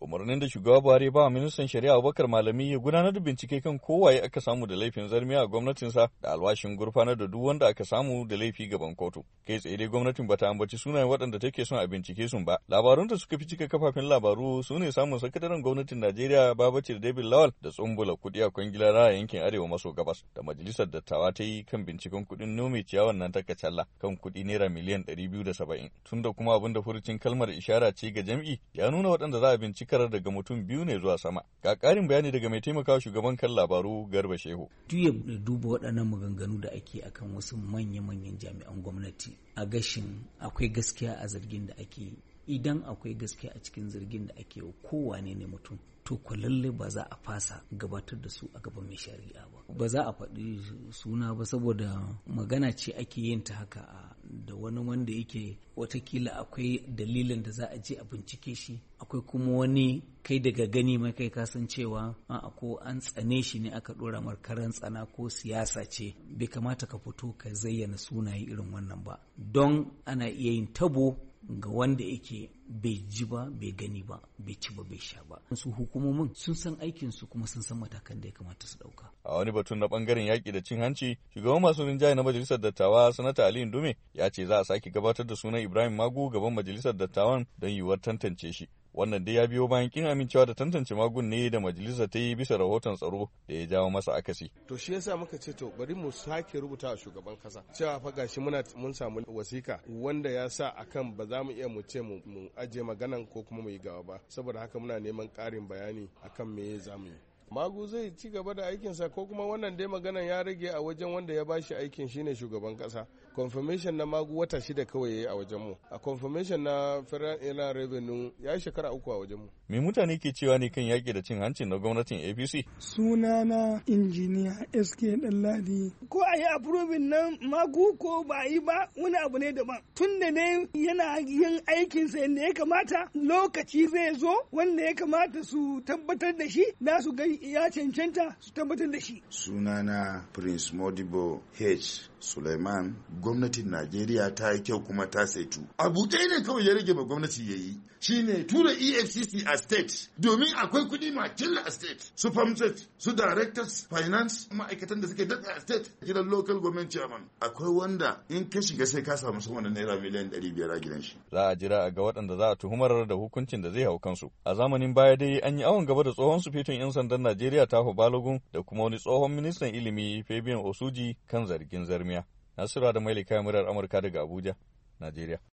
umarnin da shugaba buhari ba ministan shari'a abubakar malami ya gudanar da bincike kan kowaye aka samu da laifin zarmi a gwamnatinsa da alwashin gurfanar da duk wanda aka samu da laifi gaban kotu kai tsaye dai gwamnatin bata ambaci sunayen waɗanda take son a bincike sun ba labarun da suka fi cika kafafen labaru su ne samun sakataren gwamnatin najeriya da david lawal da tsumbula kuɗi a kwangilar raya yankin arewa maso gabas da majalisar dattawa ta yi kan binciken kuɗin nome ciyawan nan ta kacalla kan kuɗi naira miliyan ɗari biyu da saba'in tunda kuma abin da furucin kalmar ishara ce ga jam'i ya nuna waɗanda za a bincika karar daga mutum biyu ne zuwa sama. Ga ƙarin bayani daga mai taimakawa shugaban kan labaru Garba Shehu. da duba waɗannan maganganu da ake akan wasu manya-manyan jami'an gwamnati a gashin akwai gaskiya a zargin da ake idan akwai gaskiya a cikin zargin da ake ko kowane ne mutum to ko lalle ba za a fasa gabatar da su a gaban mai shari'a ba ba za a faɗi suna ba saboda magana ce ake yin ta haka a da wani wanda yake watakila akwai dalilin da za a je a bincike shi akwai kuma wani kai daga gani mai kai kasancewa a ko an tsane shi ne aka dora markaran tsana ko siyasa ce bai kamata ka fito ka zayyana sunaye irin wannan ba don ana iya yin tabo ga wanda yake bai ji ba bai gani ba bai ci ba bai sha ba su hukumomin sun san aikin su kuma sun san matakan da ya kamata su dauka a wani batun na bangaren yaki da cin hanci shugaban masu rinjaye na majalisar dattawa sanata ali indume ya ce za a sake gabatar da sunan ibrahim magu gaban majalisar dattawan don yiwuwar tantance shi Wannan dai ya biyo bayan kin amincewa da tantance magun ne da majalisa ta yi bisa rahoton tsaro da ya jawo masa akasi. To shi yasa muka ce to bari mu sake rubuta shugaban kasa cewa fa gashi muna mun samu wasika wanda ya sa akan ba za mu iya mu ce mu aje maganan ko kuma mu yi gaba ba saboda haka muna neman ƙarin bayani akan me za mu yi. magu zai ci gaba da aikinsa ko kuma wannan dai maganan ya rage a wajen wanda ya bashi aikin shine shugaban kasa confirmation na magu wata shida kawai yayi a wajen a confirmation na federal inland revenue ya shekara uku a wajen mu me mutane ke cewa ne kan yaki da cin hanci na gwamnatin APC sunana injiniya SK Dalladi ko a yi approving nan magu ko ba yi ba wani abu ne daban tunda ne yana yin aikinsa yadda ya kamata lokaci zai zo wanda ya kamata su tabbatar da shi na su gani ya cancanta su tabbatar da shi sunana prince modibo h suleiman gwamnatin najeriya ta yi kyau kuma ta saitu abu ɗaya ne kawai ya rage ma gwamnati ya yi shi ne tura efcc a state domin akwai kuɗi makilla a state su famset su directors finance ma'aikatan da suke daɗa a state gidan local government chairman akwai wanda in ka shiga sai ka samu sama da naira miliyan ɗari biyar a gidan shi za a jira a ga waɗanda za a tuhumar da hukuncin da zai hau kansu a zamanin baya dai an yi awon gaba da tsohon su sufetun 'yan sandan Najeriya Taho Balogun da kuma wani tsohon ministan ilimi Fabian Osuji kan zargin zarmiya. Nasura da Mailika Murar Amurka daga Abuja, Najeriya.